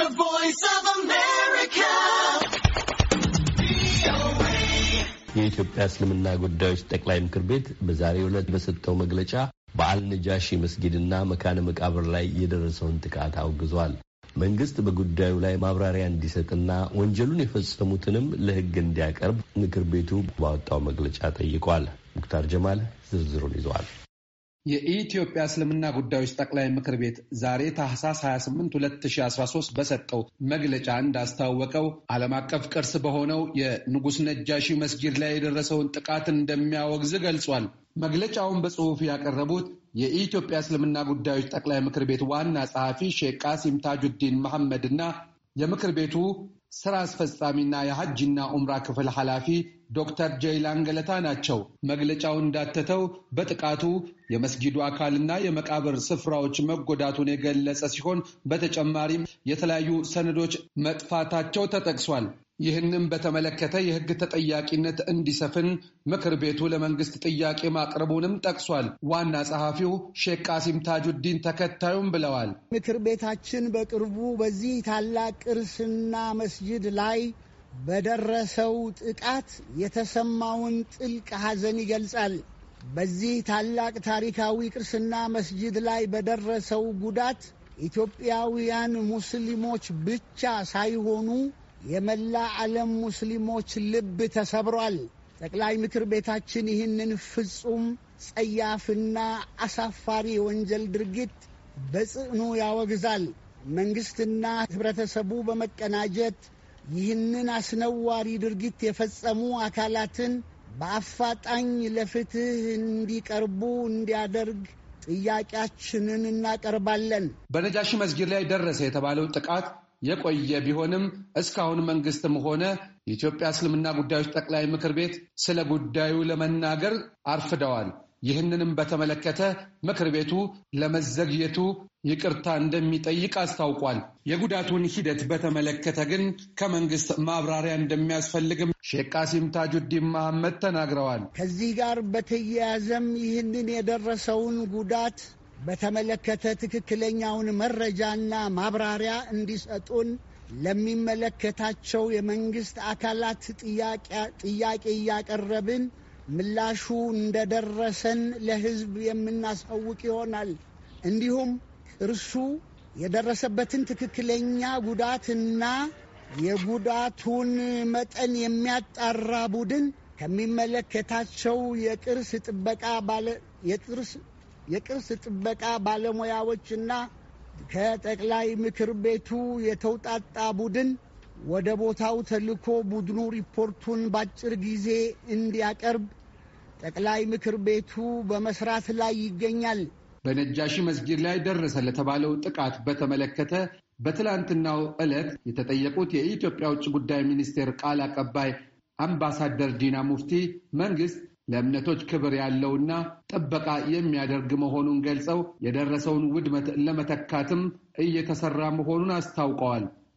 The Voice of America. የኢትዮጵያ እስልምና ጉዳዮች ጠቅላይ ምክር ቤት በዛሬው ዕለት በሰጠው መግለጫ በአልነጃሺ መስጊድና መካነ መቃብር ላይ የደረሰውን ጥቃት አውግዟል። መንግስት በጉዳዩ ላይ ማብራሪያ እንዲሰጥና ወንጀሉን የፈጸሙትንም ለሕግ እንዲያቀርብ ምክር ቤቱ ባወጣው መግለጫ ጠይቋል። ሙክታር ጀማል ዝርዝሩን ይዘዋል። የኢትዮጵያ እስልምና ጉዳዮች ጠቅላይ ምክር ቤት ዛሬ ታህሳስ 28 2013 በሰጠው መግለጫ እንዳስታወቀው ዓለም አቀፍ ቅርስ በሆነው የንጉሥ ነጃሺ መስጊድ ላይ የደረሰውን ጥቃት እንደሚያወግዝ ገልጿል። መግለጫውን በጽሑፍ ያቀረቡት የኢትዮጵያ እስልምና ጉዳዮች ጠቅላይ ምክር ቤት ዋና ጸሐፊ ሼክ ቃሲም ታጁዲን መሐመድ እና የምክር ቤቱ ስራ አስፈጻሚና የሐጅና ኡምራ ክፍል ኃላፊ ዶክተር ጀይላን ገለታ ናቸው። መግለጫው እንዳተተው በጥቃቱ የመስጊዱ አካልና የመቃብር ስፍራዎች መጎዳቱን የገለጸ ሲሆን በተጨማሪም የተለያዩ ሰነዶች መጥፋታቸው ተጠቅሷል። ይህንም በተመለከተ የሕግ ተጠያቂነት እንዲሰፍን ምክር ቤቱ ለመንግስት ጥያቄ ማቅረቡንም ጠቅሷል። ዋና ጸሐፊው ሼክ ቃሲም ታጁዲን ተከታዩም ብለዋል። ምክር ቤታችን በቅርቡ በዚህ ታላቅ ቅርስና መስጅድ ላይ በደረሰው ጥቃት የተሰማውን ጥልቅ ሐዘን ይገልጻል። በዚህ ታላቅ ታሪካዊ ቅርስና መስጂድ ላይ በደረሰው ጉዳት ኢትዮጵያውያን ሙስሊሞች ብቻ ሳይሆኑ የመላ ዓለም ሙስሊሞች ልብ ተሰብሯል። ጠቅላይ ምክር ቤታችን ይህንን ፍጹም ጸያፍና አሳፋሪ የወንጀል ድርጊት በጽዕኑ ያወግዛል። መንግሥትና ኅብረተሰቡ በመቀናጀት ይህንን አስነዋሪ ድርጊት የፈጸሙ አካላትን በአፋጣኝ ለፍትህ እንዲቀርቡ እንዲያደርግ ጥያቄያችንን እናቀርባለን። በነጃሺ መስጊድ ላይ ደረሰ የተባለው ጥቃት የቆየ ቢሆንም እስካሁን መንግስትም ሆነ የኢትዮጵያ እስልምና ጉዳዮች ጠቅላይ ምክር ቤት ስለ ጉዳዩ ለመናገር አርፍደዋል። ይህንንም በተመለከተ ምክር ቤቱ ለመዘግየቱ ይቅርታ እንደሚጠይቅ አስታውቋል። የጉዳቱን ሂደት በተመለከተ ግን ከመንግስት ማብራሪያ እንደሚያስፈልግም ሼክ ቃሲም ታጁዲን መሐመድ ተናግረዋል። ከዚህ ጋር በተያያዘም ይህንን የደረሰውን ጉዳት በተመለከተ ትክክለኛውን መረጃና ማብራሪያ እንዲሰጡን ለሚመለከታቸው የመንግስት አካላት ጥያቄ እያቀረብን ምላሹ እንደደረሰን ለህዝብ የምናሳውቅ ይሆናል። እንዲሁም እርሱ የደረሰበትን ትክክለኛ ጉዳትና የጉዳቱን መጠን የሚያጣራ ቡድን ከሚመለከታቸው የቅርስ ጥበቃ ባለሙያዎችና ከጠቅላይ ምክር ቤቱ የተውጣጣ ቡድን ወደ ቦታው ተልኮ ቡድኑ ሪፖርቱን በአጭር ጊዜ እንዲያቀርብ ጠቅላይ ምክር ቤቱ በመስራት ላይ ይገኛል። በነጃሺ መስጊድ ላይ ደረሰ ለተባለው ጥቃት በተመለከተ በትላንትናው ዕለት የተጠየቁት የኢትዮጵያ ውጭ ጉዳይ ሚኒስቴር ቃል አቀባይ አምባሳደር ዲና ሙፍቲ መንግስት ለእምነቶች ክብር ያለውና ጥበቃ የሚያደርግ መሆኑን ገልጸው የደረሰውን ውድመት ለመተካትም እየተሰራ መሆኑን አስታውቀዋል።